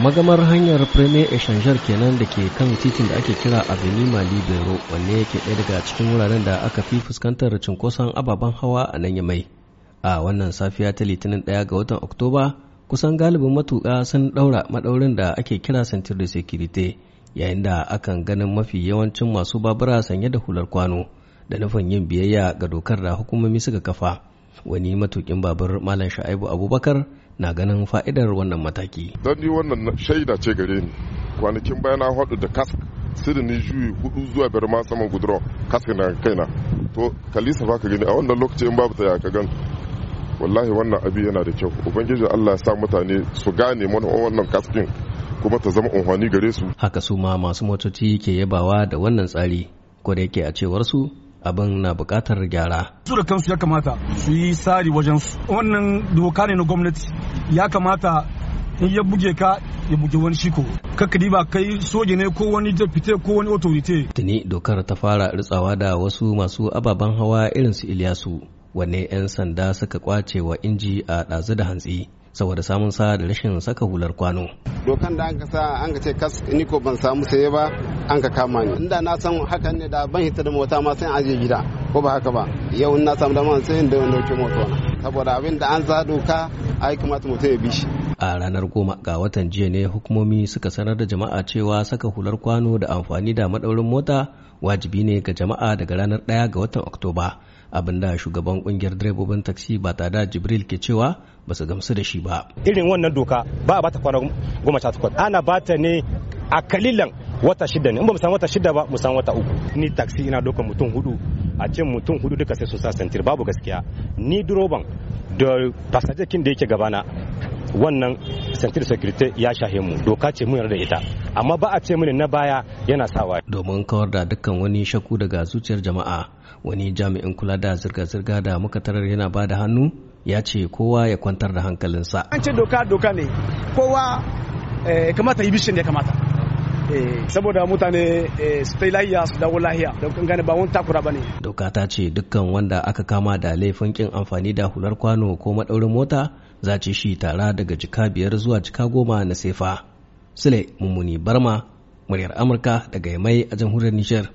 magamar hanyar premier exchanger kenan da ke kan titin da ake kira avenima libero wanne yake ɗaya daga cikin wuraren da aka fi fuskantar cunkoson ababen hawa a nan ya mai a wannan safiya ta litinin ɗaya ga watan oktoba kusan galibin matuƙa sun ɗaura maɗaurin da ake kira sentir de securite yayin da akan ganin mafi yawancin masu babura sanye da hular kwano da nufin yin biyayya ga dokar da hukumomi suka kafa wani matukin babur malam sha'ibu abubakar na ganin fa'idar wannan mataki don ni wannan shaida ce gare ni kwanakin baya na hadu da kask sirri ni juyi hudu zuwa biyar ma saman guduro kask na kaina to kalisa ba ka gani a wannan lokaci in babu ta ya ka gan wallahi wannan abi yana da kyau ubangiji Allah ya sa mutane su gane mana wannan kaskin kuma ta zama unhwani gare su haka su ma masu motoci ke yabawa da wannan tsari ko da yake a cewar su abin na bukatar gyara. Su da kansu ya kamata su yi sari wajen su. Wannan doka ne na gwamnati ya kamata in ya buge ka ya buge wani shiko. Kakkadi ba kai soja ne ko wani fite ko wani otorite. Tuni dokar ta fara ritsawa da wasu masu ababen hawa irin su Iliyasu. Wanne 'yan sanda suka kwace wa inji a ɗazu da hantsi. saboda samun sa da rashin saka hular kwano. Dokan da an ka sa an ka ce kas ni ko ban samu saye ba an ka kama ni. Inda na san hakan ne da ban hita da mota ma sai ajiye gida ko ba haka ba. Yau na samu da man sai in dauke mota na. Saboda abin da an za doka ai kamata mutum ya bi shi. a ranar goma ga watan jiya ne hukumomi suka sanar da jama'a cewa saka hular kwano da amfani da madaurin mota wajibi ne ga jama'a daga ranar ɗaya ga watan oktoba abinda shugaban kungiyar direbobin taksi ba da jibril ke cewa ba su gamsu da shi ba irin wannan doka ba a bata kwana goma sha takwas ana bata ne a kalilan wata shida ne in ba mu san wata shida ba mu wata uku ni taksi ina dokan mutum hudu a ce mutum hudu duka sai su sa santir babu gaskiya ni duroban da fasajakin da yake gabana wannan sentir sekirite ya shahe mu doka ce mu da ita amma ba a ce mu na baya yana sawa domin kawar da dukkan wani shaku daga zuciyar jama'a wani jami'in kula da zirga-zirga da muka tarar yana ba da hannu ya ce kowa ya kwantar da hankalinsa an ce doka doka ne kowa eh, kamata yi bishin da ya kamata eh, saboda mutane eh, su ta lahiya su dawo lahiya da kun gane ba wani takura ba ne. Doka ta ce dukkan wanda aka kama da laifin kin amfani da hular kwano ko madaurin mota za ci shi tara daga jika biyar zuwa jika goma na sefa. Sule Mummuni Barma, muryar Amurka daga Yamai a jamhuriyar Nijar.